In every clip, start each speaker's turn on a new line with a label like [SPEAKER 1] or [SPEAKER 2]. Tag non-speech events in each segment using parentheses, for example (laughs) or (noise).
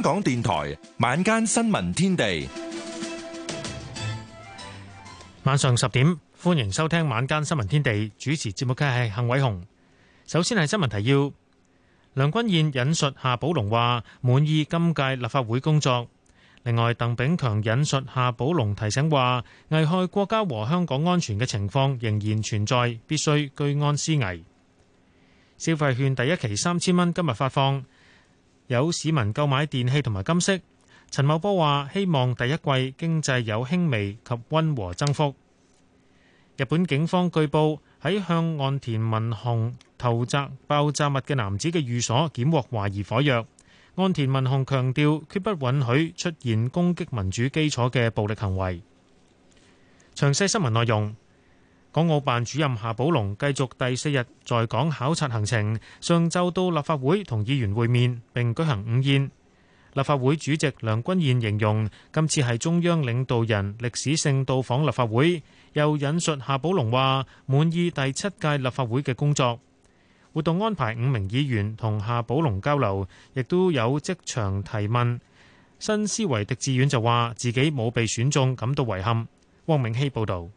[SPEAKER 1] 香港電台晚間新聞天地，
[SPEAKER 2] 晚上十點歡迎收聽晚間新聞天地，主持節目嘅係幸偉雄。首先係新聞提要，梁君彥引述夏寶龍話滿意今屆立法會工作。另外，鄧炳強引述夏寶龍提醒話，危害國家和香港安全嘅情況仍然存在，必須居安思危。消費券第一期三千蚊今日發放。有市民購買電器同埋金飾。陳茂波話：希望第一季經濟有輕微及溫和增幅。日本警方據報喺向岸田文雄投擲爆炸物嘅男子嘅寓所，檢獲懷疑火藥。岸田文雄強調，決不允許出現攻擊民主基礎嘅暴力行為。詳細新聞內容。港澳辦主任夏寶龍繼續第四日在港考察行程，上晝到立法會同議員會面並舉行午宴。立法會主席梁君彥形容今次係中央領導人歷史性到訪立法會，又引述夏寶龍話滿意第七屆立法會嘅工作。活動安排五名議員同夏寶龍交流，亦都有即場提問。新思維狄志遠就話自己冇被選中感到遺憾。汪明希報導。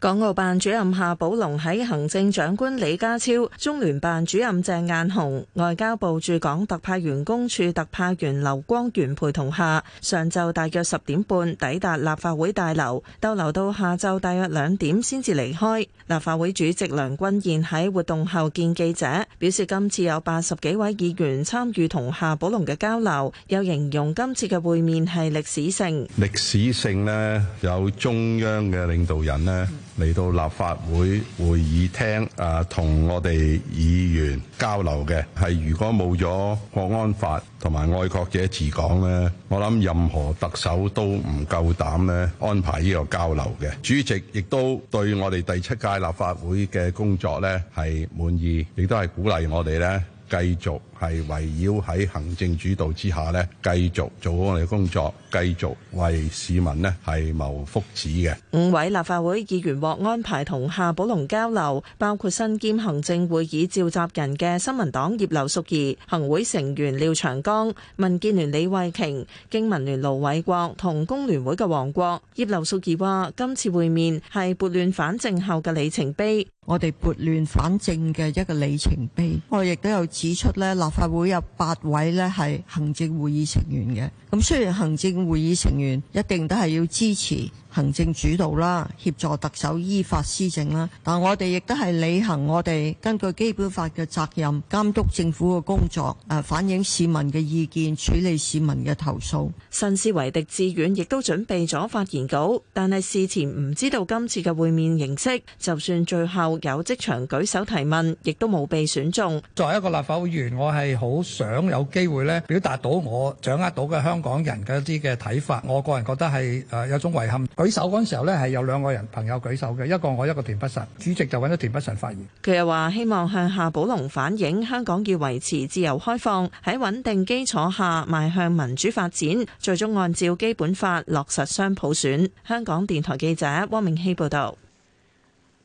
[SPEAKER 3] 港澳辦主任夏寶龍喺行政長官李家超、中聯辦主任鄭雁雄、外交部駐港特派員公署特派員劉光源陪同下，上晝大約十點半抵達立法會大樓，逗留到下晝大約兩點先至離開。立法會主席梁君彥喺活動後見記者，表示今次有八十幾位議員參與同夏寶龍嘅交流，又形容今次嘅會面係歷史性。
[SPEAKER 1] 歷史性呢，有中央嘅領導人呢。嚟到立法會會議廳，誒、啊、同我哋議員交流嘅係，是如果冇咗《國安法》同埋愛國者治港呢，我諗任何特首都唔夠膽呢安排呢個交流嘅。主席亦都對我哋第七屆立法會嘅工作呢係滿意，亦都係鼓勵我哋呢。繼續係圍繞喺行政主導之下呢，繼續做好我哋嘅工作，繼續為市民呢係謀福祉嘅。
[SPEAKER 3] 五位立法會議員獲安排同夏寶龍交流，包括身兼行政會議召集人嘅新民黨葉劉淑儀、行會成員廖長江、民建聯李慧瓊、經民聯盧偉國同工聯會嘅黃國。葉劉淑儀話：今次會面係撥亂反正後嘅里程碑。我哋撥亂反正嘅一個里程碑，我亦都有指出呢，立法會有八位呢係行政會議成員嘅。咁雖然行政會議成員一定都係要支持。行政主導啦，協助特首依法施政啦。但我哋亦都係履行我哋根據基本法嘅責任，監督政府嘅工作，誒反映市民嘅意見，處理市民嘅投訴。新思維狄志遠亦都準備咗發言稿，但係事前唔知道今次嘅會面形式，就算最後有職場舉手提問，亦都冇被選中。
[SPEAKER 1] 作為一個立法會議員，我係好想有機會呢，表達到我掌握到嘅香港人嘅一啲嘅睇法。我個人覺得係誒有種遺憾。舉手嗰陣時候呢，係有兩個人朋友舉手嘅，一個我，一個田北辰。主席就揾咗田北辰發言。
[SPEAKER 3] 佢又話希望向夏寶龍反映，香港要維持自由開放，喺穩定基礎下邁向民主發展，最終按照基本法落實雙普選。香港電台記者汪明熙報道。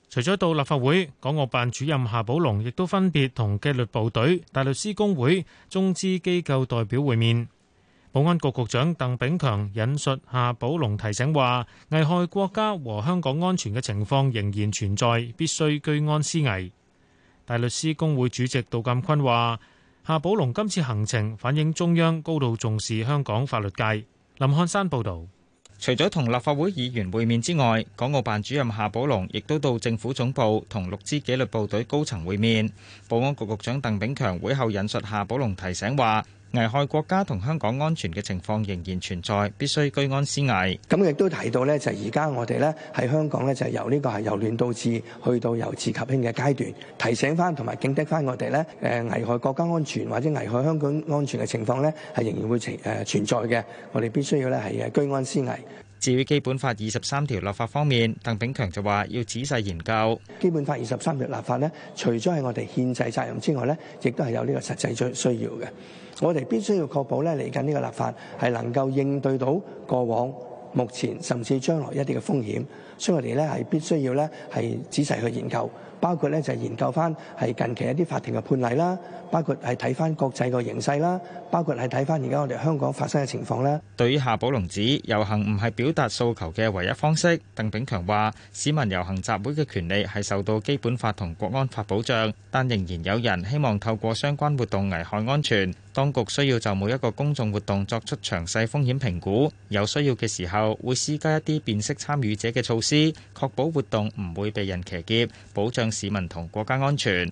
[SPEAKER 2] 除咗到立法會，港澳辦主任夏寶龍亦都分別同紀律部隊、大律師公會、中資機構代表會面。保安局局長鄧炳強引述夏寶龍提醒話：危害國家和香港安全嘅情況仍然存在，必須居安思危。大律師公會主席杜淦坤話：夏寶龍今次行程反映中央高度重視香港法律界。林漢
[SPEAKER 4] 山報道。除咗同立法會議員會面之外，港澳辦主任夏寶龍亦都到政府總部同六支紀律部隊高層會面。保安局局長鄧炳強會後引述夏寶龍提醒話。危害國家同香港安全嘅情況仍然存在，必須居安思危。
[SPEAKER 1] 咁亦都提到咧，就係而家我哋咧喺香港咧、呢個，就由呢個係由亂到治，去到由治及興嘅階段。提醒翻同埋警惕翻我哋咧，誒危害國家安全或者危害香港安全嘅情況咧，係仍然會存誒存在嘅。我哋必須要咧係居安思危。
[SPEAKER 4] 至於基本法二十三條立法方面，鄧炳強就話：要仔細
[SPEAKER 1] 研究基本法二十三條立法咧，除咗係我哋憲制責任之外咧，亦都係有呢個實際需需要嘅。我哋必須要確保咧，嚟緊呢個立法係能夠應對到過往、目前甚至將來一啲嘅風險，所以我哋咧係必須要咧係仔細去研究，包括咧就係研究翻係近期一啲法庭嘅判例啦。包括係睇翻國際個形勢啦，包括係睇翻而家我哋香港發生嘅情況啦。
[SPEAKER 4] 對於夏寶龍指遊行唔係表達訴求嘅唯一方式，鄧炳強話：市民遊行集會嘅權利係受到基本法同國安法保障，但仍然有人希望透過相關活動危害安全。當局需要就每一個公眾活動作出詳細風險評估，有需要嘅時候會施加一啲辨識參與者嘅措施，確保活動唔會被人騎劫，保障市民同國家安全。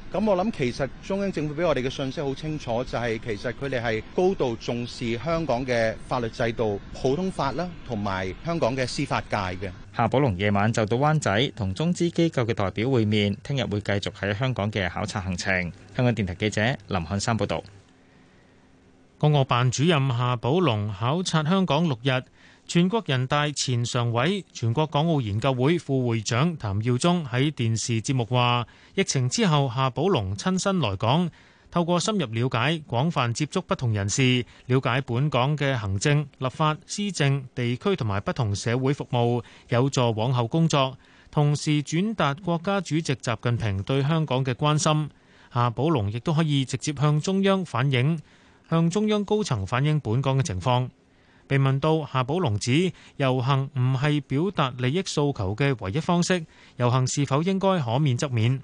[SPEAKER 4] 咁我諗其實中央政府俾我哋嘅信息好清楚，就係其實，佢哋係高度重視香港嘅法律制度、普通法啦，同埋香港嘅司法界嘅。夏寶龍夜晚就到灣仔同中資機構嘅代表會面，聽日會繼續喺香港嘅考察行程。香港電台記者林漢山報道。港澳辦主任
[SPEAKER 2] 夏寶龍考察香港六日。全國人大前常委、全國港澳研究會副會長譚耀宗喺電視節目話：疫情之後，夏寶龍親身來港，透過深入了解、廣泛接觸不同人士，了解本港嘅行政、立法、施政、地區同埋不同社會服務，有助往後工作。同時轉達國家主席習近平對香港嘅關心。夏寶龍亦都可以直接向中央反映，向中央高層反映本港嘅情況。被問到夏寶龍指遊行唔係表達利益訴求嘅唯一方式，遊行是否應該可免則免？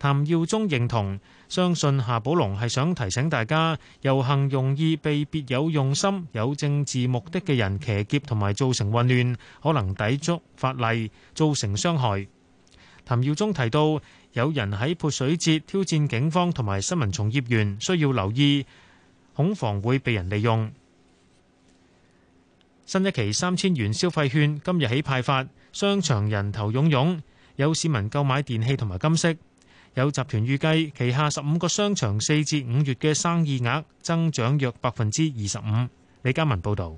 [SPEAKER 2] 譚耀宗認同，相信夏寶龍係想提醒大家，遊行容易被別有用心、有政治目的嘅人騎劫同埋造成混亂，可能抵觸法例，造成傷害。譚耀宗提到，有人喺潑水節挑戰警方同埋新聞從業員，需要留意，恐防會被人利用。新一期三千元消費券今日起派發，商場人頭湧湧，有市民購買電器同埋金飾，有集團預計旗下十五個商場四至五月嘅生意額增長約百分之二十五。李嘉文報道。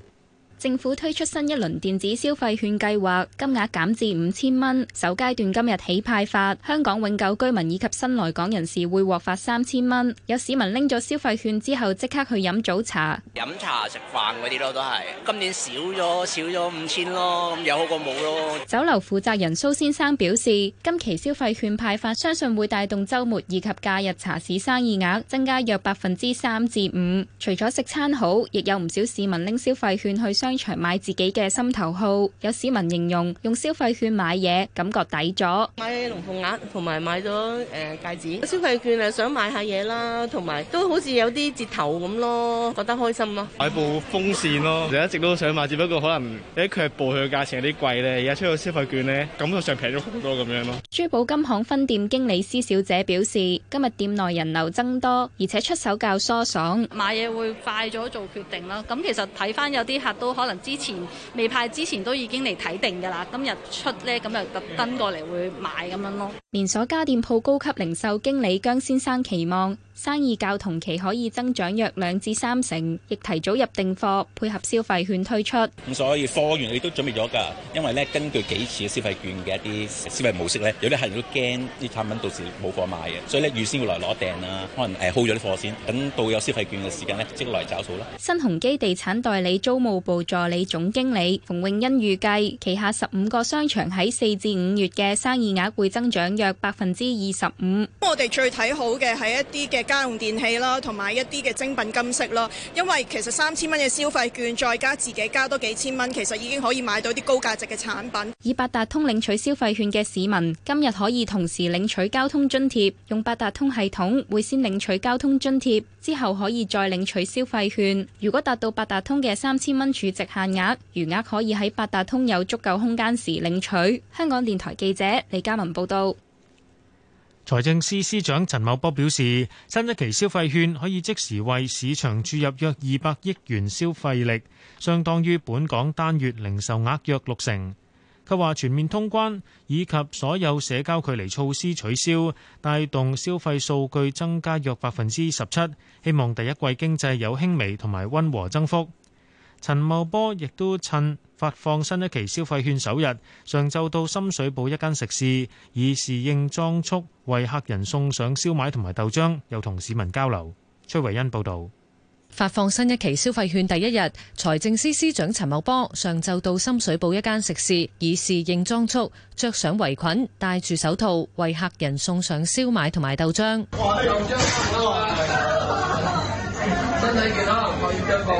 [SPEAKER 5] 政府推出新一輪電子消費券計劃，金額減至五千蚊，首階段今日起派發，香港永久居民以及新來港人士會獲發三千蚊。有市民拎咗消費券之後即刻去飲早茶，
[SPEAKER 6] 飲茶食飯嗰啲咯，都係今年少咗少咗五千咯，咁有好過冇咯。酒
[SPEAKER 5] 樓負責人蘇先生表示，今期消費券派發相信會帶動週末以及假日茶市生意額增加約百分之三至五。除咗食餐好，亦有唔少市民拎消費券去商。商場買自己嘅心頭好，有市民形容用消費券買嘢感覺抵咗，
[SPEAKER 3] 買龍鳳鈪，同埋買咗誒戒指。消費券啊，想買下嘢啦，同埋都好似有啲折頭咁咯，覺得開心咯。
[SPEAKER 2] 買部風扇咯，就一直都想買，只不過可能誒佢係報佢價錢有啲貴咧，而家出咗消費券咧，
[SPEAKER 1] 感覺上平咗好多咁樣咯。
[SPEAKER 5] 珠寶金行分店經理施小姐表示，今日店內人流增多，而且出手較疏爽，
[SPEAKER 7] 買嘢會快咗做決定咯。咁其實睇返有啲客都。可能之前未派之前都已經嚟睇定㗎啦，今日出咧咁就特登過嚟會買，咁樣咯。
[SPEAKER 5] 連鎖家電鋪高級零售經理姜先生期望。生意較同期可以增長約兩至三成，亦提早入訂貨，配合消費券推出。
[SPEAKER 8] 咁所以貨源我都準備咗㗎，因為咧根據幾次嘅消費券嘅一啲消費模式咧，有啲客人都驚啲產品到時冇貨賣嘅，所以咧預先會來攞訂啦，可能誒 hold 咗啲貨先，等到有消費券嘅時間咧即刻嚟找數啦。
[SPEAKER 5] 新鴻基地產代理租務部助理總經理馮詠欣預計旗下十五個商場喺四至五月嘅生意額會增長約百分之二十五。
[SPEAKER 3] 我哋最睇好嘅係一啲嘅。家用電器啦，同埋一啲嘅精品金飾咯，因為其實三千蚊嘅消費券，再加自己加多幾千蚊，其實已經可以買到啲高價值嘅產品。
[SPEAKER 5] 以八達通領取消費券嘅市民，今日可以同時領取交通津貼，用八達通系統會先領取交通津貼，之後可以再領取消費券。如果達到八達通嘅三千蚊儲值限額，餘額可以喺八達通有足夠空間時領取。香港電台記者李嘉文報導。
[SPEAKER 2] 財政司司長陳茂波表示，新一期消費券可以即時為市場注入約二百億元消費力，相當於本港單月零售額約六成。佢話全面通關以及所有社交距離措施取消，帶動消費數據增加約百分之十七，希望第一季經濟有輕微同埋溫和增幅。陳茂波亦都趁，發放新一期消費券首日，上晝到深水埗一間食肆，以侍應裝束，為客人送上燒賣同埋豆漿，又同市民交流。崔維恩報道：
[SPEAKER 7] 發放新一期消費券第一日，財政司司長陳茂波上晝到深水埗一間食肆，以侍應裝束，着上圍裙，戴住手套，為客人送上燒賣同埋豆漿。
[SPEAKER 1] 哇 (laughs) 我要腳步。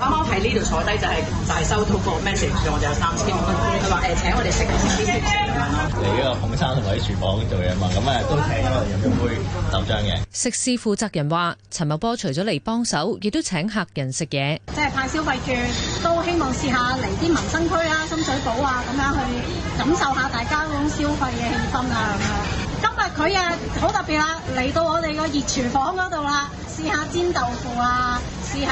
[SPEAKER 6] 啱啱喺呢度坐低就係就係收到個 message，我就有三千蚊。佢話誒請我哋
[SPEAKER 4] 食咁樣咯。嚟啊，孔生同我喺廚房做嘢嘛，咁啊都請我飲一杯豆漿嘅。
[SPEAKER 7] 食肆負責人話：陳茂波除咗嚟幫手，亦都請客人食嘢。即係派消費券，都希望試下嚟啲民生區啊、深水埗啊咁樣去感受下大家嗰種消費嘅氣氛啦。嗯嗯今日佢啊好特別啦，嚟到我哋個熱廚房嗰度啦，試下煎豆腐啊，試下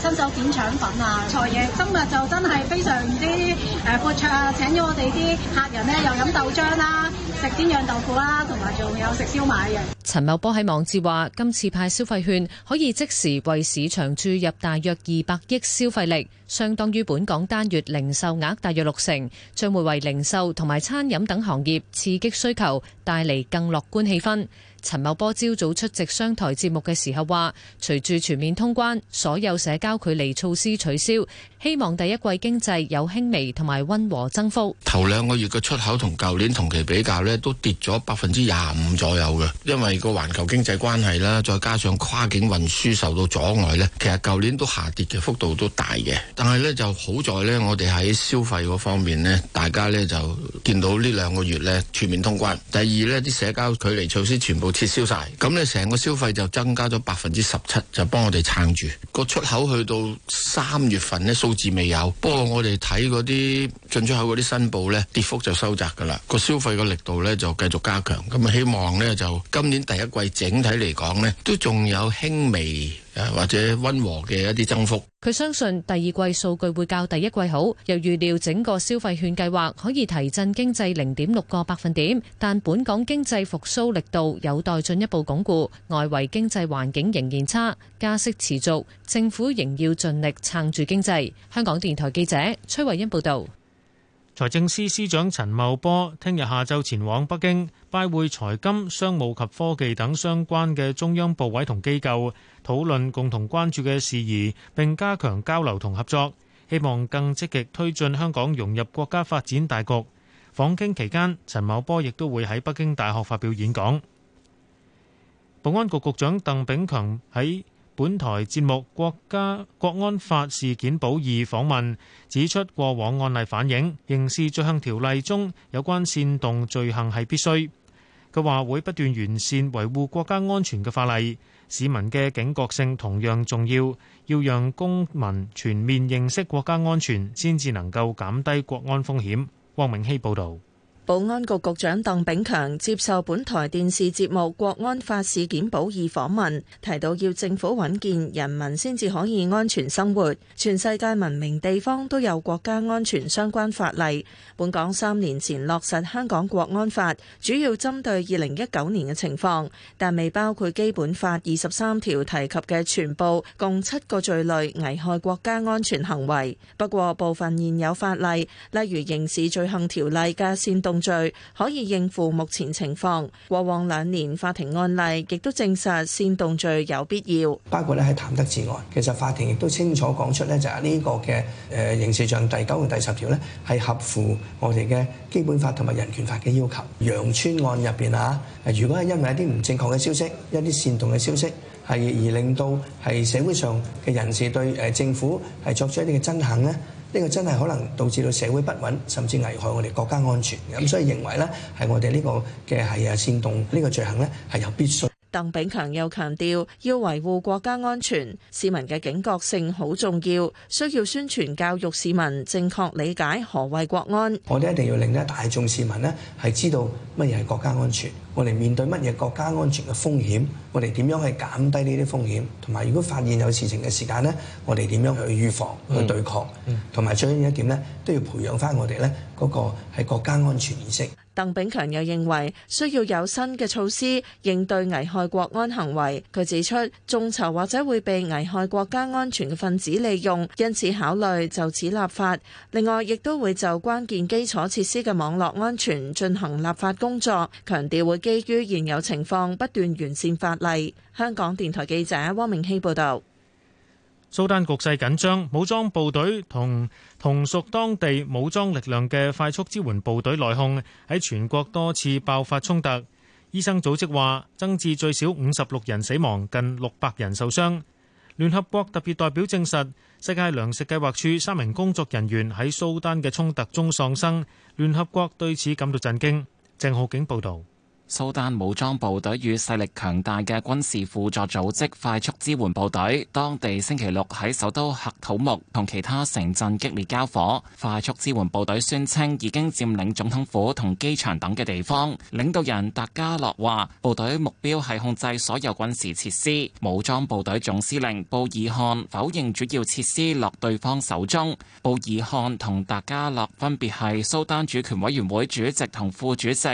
[SPEAKER 7] 誒親、呃、手點腸粉啊，財爺。今日就真係非常之誒闊綽、啊，請咗我哋啲客人咧又飲豆漿啦、啊。食煎釀豆腐啦，同埋仲有食燒賣嘅。陳茂波喺網誌話：今次派消費券可以即時為市場注入大約二百億消費力，相當於本港單月零售額大約六成，將會為零售同埋餐飲等行業刺激需求，帶嚟更樂觀氣氛。陳茂波朝早出席商台節目嘅時候話，隨住全面通關，所有社交距離措施取消，希望第一季經濟有輕微同埋溫和增幅。
[SPEAKER 8] 頭兩個月嘅出口同舊年同期比較呢，都跌咗百分之廿五左右嘅，因為個環球經濟關係啦，再加上跨境運輸受到阻礙呢，其實舊年都下跌嘅幅度都大嘅。但係呢，就好在呢，我哋喺消費嗰方面呢，大家呢就見到呢兩個月呢全面通關。第二呢，啲社交距離措施全部，撤銷晒，咁你成個消費就增加咗百分之十七，就幫我哋撐住個出口。去到三月份呢，數字未有，不過我哋睇嗰啲進出口嗰啲申報呢，跌幅就收窄噶啦，個消費個力度呢，就繼續加強，咁啊希望呢，就今年第一季整體嚟講呢，都仲有輕微。或者溫和嘅一啲增幅，
[SPEAKER 7] 佢相信第二季數據會較第一季好，又預料整個消費券計劃可以提振經濟零點六個百分點，但本港經濟復甦力度有待進一步鞏固，外圍經濟環境仍然差，加息持續，政府仍要盡力撐住經濟。香港電台記者崔慧欣報道。
[SPEAKER 2] 財政司司長陳茂波聽日下晝前往北京拜會財金、商務及科技等相關嘅中央部委同機構，討論共同關注嘅事宜，並加強交流同合作，希望更積極推進香港融入國家發展大局。訪京期間，陳茂波亦都會喺北京大學發表演講。保安局局長鄧炳強喺本台節目《國家國安法事件簿二》訪問指出，過往案例反映刑事罪行條例中有關煽動罪行係必須，佢話會不斷完善維護國家安全嘅法例，市民嘅警覺性同樣重要，要讓公民全面認識國家安全，先至能夠減低國安風險，汪明希報道。
[SPEAKER 3] 保安局局長鄧炳強接受本台電視節目《國安法事件簿》訪問，提到要政府穩健，人民先至可以安全生活。全世界文明地方都有國家安全相關法例。本港三年前落實《香港國安法》，主要針對二零一九年嘅情況，但未包括《基本法》二十三條提及嘅全部共七個罪類危害國家安全行為。不過部分現有法例，例如刑事罪行條例嘅煽動。罪可以應付目前情況，過往兩年法庭案例亦都證實煽動罪有必要，
[SPEAKER 1] 包括咧係譚得志案，其實法庭亦都清楚講出咧就喺、是、呢個嘅誒刑事上第九同第十條咧係合乎我哋嘅基本法同埋人權法嘅要求。羊村案入邊啊，如果係因為一啲唔正確嘅消息，一啲煽動嘅消息係而令到係社會上嘅人士對誒政府係作出一啲嘅憎恨呢。呢個真係可能導致到社會不穩，甚至危害我哋國家安全。咁所以認為咧，係我哋呢個嘅係啊煽動呢個罪行，咧，係有必須。鄧炳
[SPEAKER 3] 強又強調，要維護國家安全，市民嘅警覺性好重要，需要宣傳教育市民正確理解何謂國安。我哋一
[SPEAKER 1] 定要令咧大眾市民咧係知道乜嘢係國家安全，我哋面對乜嘢國家安全嘅風險，我哋點樣去減低呢啲風險，同埋如果發現有事情嘅時間咧，我哋點樣去預防、去對抗，同埋最緊要一點咧，都要培養翻我哋咧嗰個係國家安全意識。
[SPEAKER 3] 鄧炳強又認為需要有新嘅措施應對危害國安行為。佢指出，眾籌或者會被危害國家安全嘅分子利用，因此考慮就此立法。另外，亦都會就關鍵基礎設施嘅網絡安全進行立法工作，強調會基於現有情況不斷完善法例。香港電台記者汪明熙報道。
[SPEAKER 2] 蘇丹局勢緊張，武裝部隊同同屬當地武裝力量嘅快速支援部隊內訌，喺全國多次爆發衝突。醫生組織話增至最少五十六人死亡，近六百人受傷。聯合國特別代表證實，世界糧食計劃處三名工作人員喺蘇丹嘅衝突中喪生。聯合國對此感到震驚。鄭浩景報導。
[SPEAKER 8] 蘇丹武裝部隊與勢力強大嘅軍事輔助組織快速支援部隊，當地星期六喺首都喀土穆同其他城鎮激烈交火。快速支援部隊宣稱已經佔領總統府同機場等嘅地方。領導人達加洛話，部隊目標係控制所有軍事設施。武裝部隊總司令布爾漢否認主要設施落對方手中。布爾漢同達加洛分別係蘇丹主權委員會主席同副主席。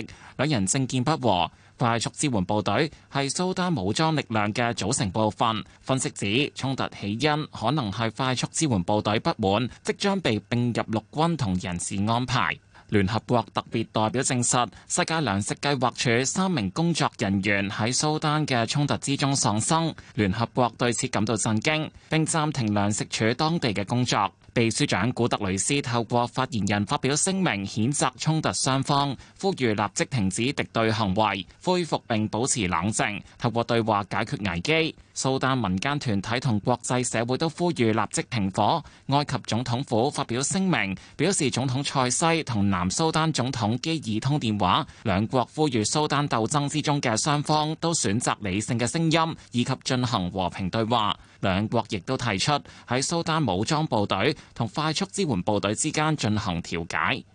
[SPEAKER 8] 兩人政見不和，快速支援部隊係蘇丹武裝力量嘅組成部分。分析指衝突起因可能係快速支援部隊不滿即將被併入陸軍同人事安排。聯合國特別代表證實，世界糧食計劃署三名工作人員喺蘇丹嘅衝突之中喪生。聯合國對此感到震驚，並暫停糧食署當地嘅工作。秘書長古特雷斯透過發言人發表聲明，譴責衝突雙方，呼籲立即停止敵對行為，恢復並保持冷靜，透過對話解決危機。蘇丹民間團體同國際社會都呼籲立即停火。埃及總統府發表聲明，表示總統塞西同南蘇丹總統基爾通電話，兩國呼籲蘇丹鬥爭之中嘅雙方都選擇理性嘅聲音，以及進行和平對話。兩國亦都提出喺蘇丹武裝部隊同快速支援部隊之間進行調解。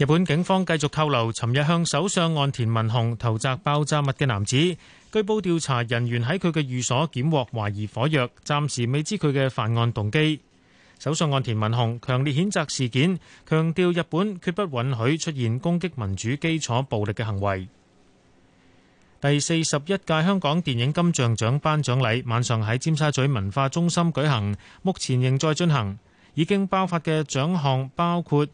[SPEAKER 2] 日本警方繼續扣留尋日向首相岸田文雄投擲爆炸物嘅男子，據報調查人員喺佢嘅寓所檢獲懷疑火藥，暫時未知佢嘅犯案動機。首相岸田文雄強烈譴責事件，強調日本決不允許出現攻擊民主基礎暴力嘅行為。第四十一屆香港電影金像獎頒獎禮晚上喺尖沙咀文化中心舉行，目前仍在進行，已經頒發嘅獎項包括。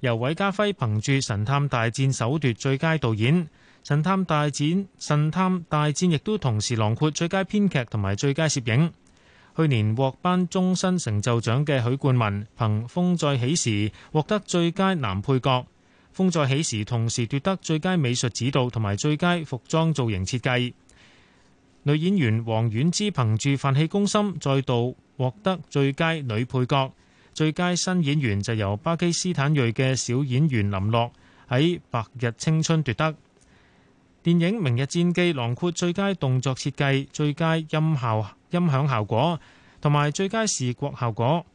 [SPEAKER 2] 由韋家輝憑住《神探大戰》首奪最佳導演，《神探大戰》《神探大戰》亦都同時囊括最佳編劇同埋最佳攝影。去年獲頒終身成就獎嘅許冠文，憑《風再起時》獲得最佳男配角，《風再起時》同時奪得最佳美術指導同埋最佳服裝造型設計。女演員王菀之憑住《飯氣攻心》再度獲得最佳女配角。最佳新演員就由巴基斯坦裔嘅小演員林洛喺《白日青春》奪得。電影《明日戰記》囊括最佳動作設計、最佳音效音響效果同埋最佳視覺效果，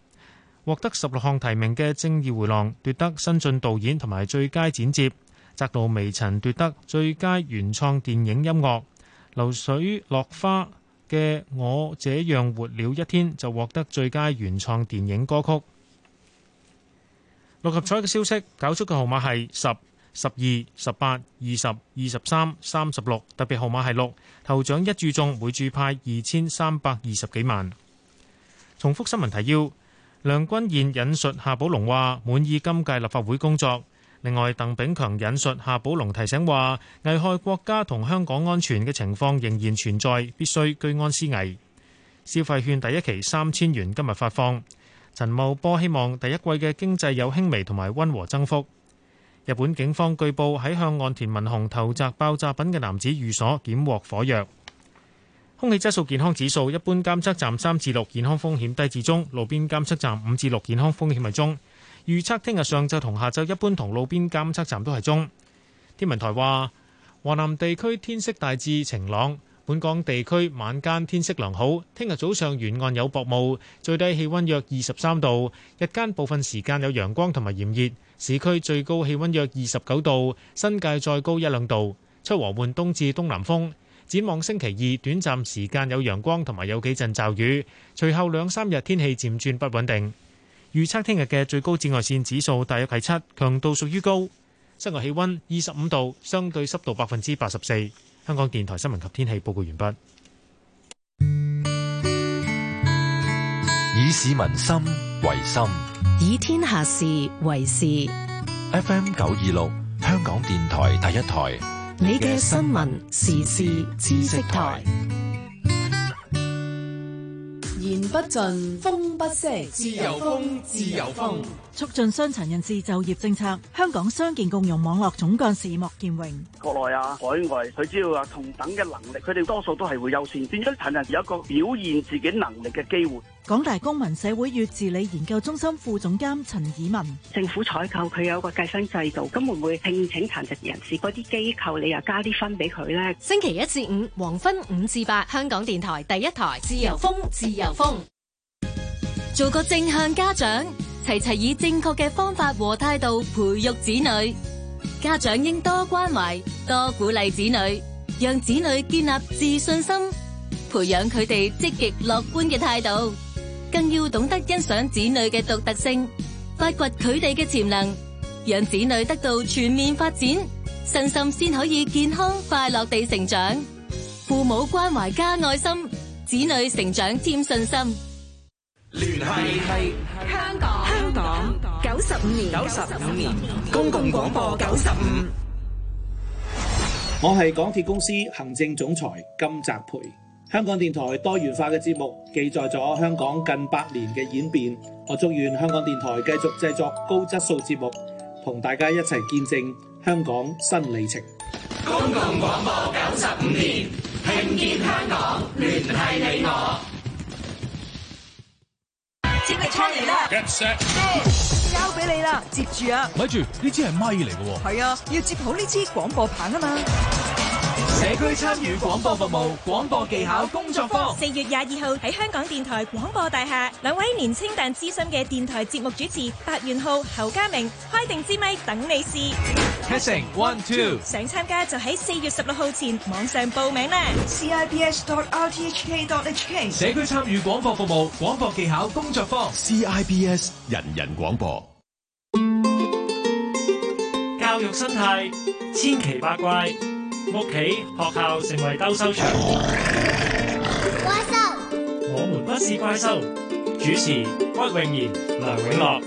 [SPEAKER 2] 獲得十六項提名嘅《正義回廊》奪得新晉導演同埋最佳剪接。窄路微塵奪得最佳原創電影音樂，《流水落花》嘅《我這樣活了一天》就獲得最佳原創電影歌曲。六合彩嘅消息，搞出嘅號碼係十、十二、十八、二十、二十三、三十六，特別號碼係六。頭獎一注中，每注派二千三百二十幾萬。重複新聞提要：梁君彥引述夏寶龍話，滿意今屆立法會工作。另外，鄧炳強引述夏寶龍提醒話，危害國家同香港安全嘅情況仍然存在，必須居安思危。消費券第一期三千元今日發放。陳茂波希望第一季嘅經濟有輕微同埋溫和增幅。日本警方據報喺向岸田文雄投擲爆炸品嘅男子寓所，檢獲火藥。空氣質素健康指數，一般監測站三至六，健康風險低至中；路邊監測站五至六，健康風險係中。預測聽日上晝同下晝，一般同路邊監測站都係中。天文台話，華南地區天色大致晴朗。本港地區晚間天色良好，聽日早上沿岸有薄霧，最低氣温約二十三度，日間部分時間有陽光同埋炎熱，市區最高氣温約二十九度，新界再高一兩度。吹和緩東至東南風，展望星期二短暫時間有陽光同埋有幾陣驟雨，隨後兩三日天氣漸轉不穩定。預測聽日嘅最高紫外線指數大約係七，強度屬於高。室外氣温二十五度，相對濕度百分之八十四。香港電台新聞及天氣報告完畢。以市民心為心，
[SPEAKER 7] 以天下事為事。
[SPEAKER 6] FM 九二六，香港電台第一台，你嘅新聞時事知識台。
[SPEAKER 3] 源不盡，風不息，自由風，自由風。促進傷殘人士就業政策，香港傷健共融網絡總幹事莫建榮。
[SPEAKER 8] 國內啊，海外，佢只要啊，同等嘅能力，
[SPEAKER 1] 佢哋多數都係會優先。變咗傷殘人有一個表現自己能力嘅機會。
[SPEAKER 3] 港大公民社會與治理研究中心副總監陳以文，政府採購佢有個計分制度，咁會唔會聘請殘疾人士？嗰啲機構你又加啲分俾佢呢？星期一至五
[SPEAKER 7] 黃昏五至八，香港電台第一台自由風，自由風。做個正向家長，齊齊以正確嘅方法和態度培育子女。家長應多關懷、多鼓勵子女，讓子女建立自信心，培養佢哋積極樂觀嘅態度。更要懂得欣賞子女嘅獨特性，發掘佢哋嘅潛能，讓子女得到全面發展，身心先可以健康快樂地成長。父母關懷加愛心，子女成長添信心。
[SPEAKER 5] 聯
[SPEAKER 8] 係係香港香港九十五年九十五年公共廣播九十五，我係港鐵公司行政總裁
[SPEAKER 2] 金澤培。香港電台多元化嘅節目記載咗香港近百年嘅演變，我祝願香港電台繼續製作高質素節目，同大家一齊見證香港新里程。
[SPEAKER 7] 公共廣播九十五年，
[SPEAKER 8] 聽見香港，聯繫你我。
[SPEAKER 2] 接力操嚟啦，get
[SPEAKER 6] set，hey，交俾你啦，接住啊！咪住，呢支係咪嚟嘅？係啊，要接好呢支廣播棒啊嘛。
[SPEAKER 1] 社區參與廣播服務廣播技巧工作坊，
[SPEAKER 5] 四月廿二號喺香港電台廣播大廈，兩位年青但資深嘅電台節目主持，白元浩、侯家明，開定支咪等你試。
[SPEAKER 7] c a s s i n g one two，
[SPEAKER 5] 想參加就喺四月十六號前網上報名啦。
[SPEAKER 3] cibs.rthk.hk
[SPEAKER 2] 社區參與廣播服務廣播技巧工作坊 cibs 人人廣播，教育生態千奇百怪。屋企、學校成為鬥獸場。怪獸，我們不是怪獸。主持：屈穎妍、梁永樂。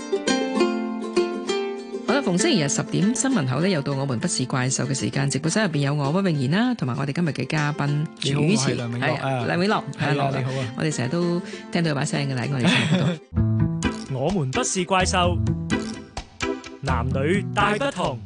[SPEAKER 6] 好啦，逢星期日十點新聞後咧，又到我們不是怪獸嘅時間。直播室入邊有我屈穎妍啦，同埋我哋今日嘅嘉賓主持係梁永樂。你好，我哋成日都聽到有把聲嘅啦，我哋上到。
[SPEAKER 2] 我們不是怪獸，男女大不同。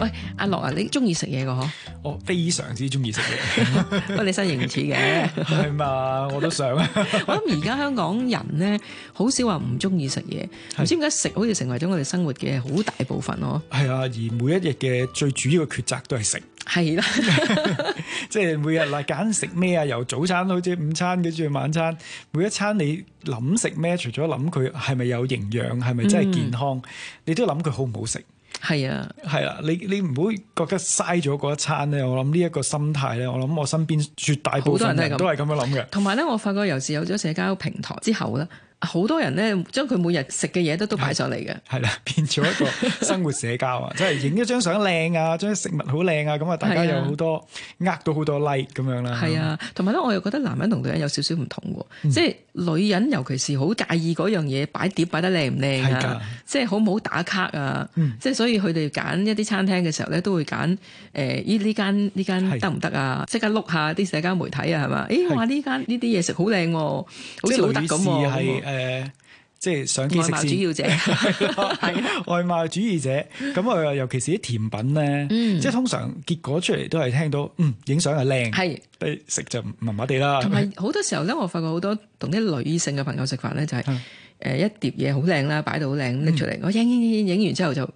[SPEAKER 6] 喂，阿樂啊，你中意食嘢個嗬？我非常之中意食嘢。喂，你身形唔似嘅。係
[SPEAKER 4] 嘛，我都想
[SPEAKER 6] 啊。 (laughs) 我諗而家香港人咧，少是好少話唔中意食嘢。唔知點解食好似成為咗我哋生活嘅好大部分咯。
[SPEAKER 4] 係啊，而每一日嘅最主要嘅抉擇都係食。係啦是、啊！即 (laughs) 係 (laughs) 每日嗱，揀食咩啊？由早餐好似午餐，跟住晚餐，每一餐你諗食咩？除咗諗佢係咪有營養，係咪真係健康，嗯、你都諗佢好唔好食。係啊，係啦、啊，你你唔會覺得嘥咗嗰一餐咧？我諗呢一個心態咧，我諗我身邊絕大部分人都係咁樣諗嘅。
[SPEAKER 6] 同埋咧，我發覺由是有咗社交平台之後咧。好多人咧，將佢每日食嘅嘢都都擺上嚟嘅，
[SPEAKER 4] 係啦，變咗一個生活社交啊！即係影一張相靚啊，將食物好靚啊，咁啊，大家有好多呃到好多 like
[SPEAKER 6] 咁樣啦。係啊，同埋咧，我又覺得男人同女人有少少唔同喎，即係女人尤其是好介意嗰樣嘢擺碟擺得靚唔靚，即係好唔好打卡啊，即係所以佢哋揀一啲餐廳嘅時候咧，都會揀誒呢間呢間得唔得啊？即刻碌下啲社交媒體啊，係嘛？誒，我話呢間呢啲嘢食好靚喎，好似好得咁
[SPEAKER 4] 誒、呃，即係相機食，外貌主義者係 (laughs) 了 (laughs) 外貌主義者。咁啊，尤其是啲甜品咧，嗯、即係通常結果出嚟都係聽到，嗯，影相係靚，係食是就麻麻地啦。同埋
[SPEAKER 6] 好多時候咧，我發覺好多同啲女性嘅朋友食飯咧，就係、是、誒一碟嘢好靚啦，擺到好靚，拎出嚟，嗯、我影影影影影完之後就。